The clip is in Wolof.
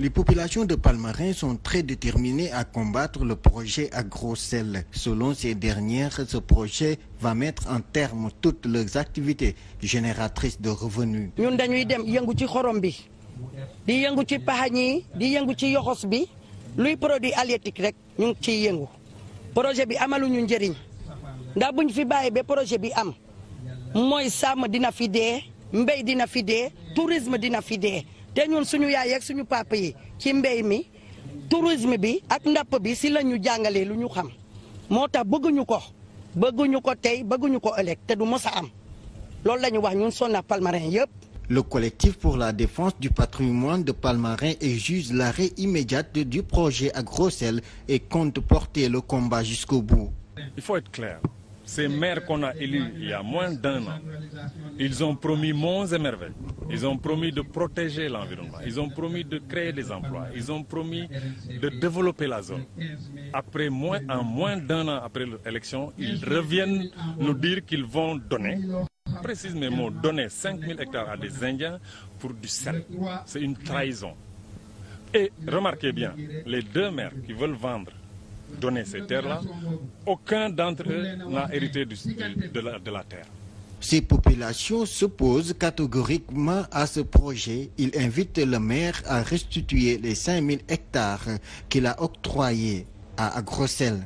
Les populations de Palmarin sont très déterminées à combattre le projet AgroSel. Selon ces dernières, ce projet va mettre en terme toutes leurs activités génératrices de revenus. ñun dañuy dem yëngu ci xorom bi di yëngu ci paxañ di yëngu ci yoxos bi luy produit halieutique rek ñu ngi ciy yëngu projet bi amaluñu njëriñ ndax buñ fi bàyyi be projet bi am mooy sàmm dina fi dee mbéy dina fi dee tourisme dina fi dee. te ñun suñu yaay ak suñu papa yi ci mbéy mi tourisme bi ak ndapp bi si la ñu jàngalee lu ñu xam moo tax bëgguñu ko bëgguñu ko tey bëgguñu ko ëllëg te du mos a am loolu la ñu wax ñun Sonac Palmarin yëpp. Le collectif pour la défense du patrimoine de Palmarin exige l'arrêt immédiat du projet à Grosel et compte porter le combat jusqu'au bout. ces maires qu'on a élus il y a moins d'un an, ils ont promis monts et merveilles. Ils ont promis de protéger l'environnement. Ils ont promis de créer des emplois. Ils ont promis de développer la zone. Après moins, en moins d'un an après l'élection, ils reviennent nous dire qu'ils vont donner précise mes mots, donner 5000 hectares à des Indiens pour du sel. C'est une trahison. Et remarquez bien, les deux maires qui veulent vendre donné ces terres-là, aucun d'entre eux n'a hérité du, de, la, de la terre. Ces populations s'opposent catégoriquement à ce projet. Il invite le maire à restituer les 5000 hectares qu'il a octroyés à Agrocel.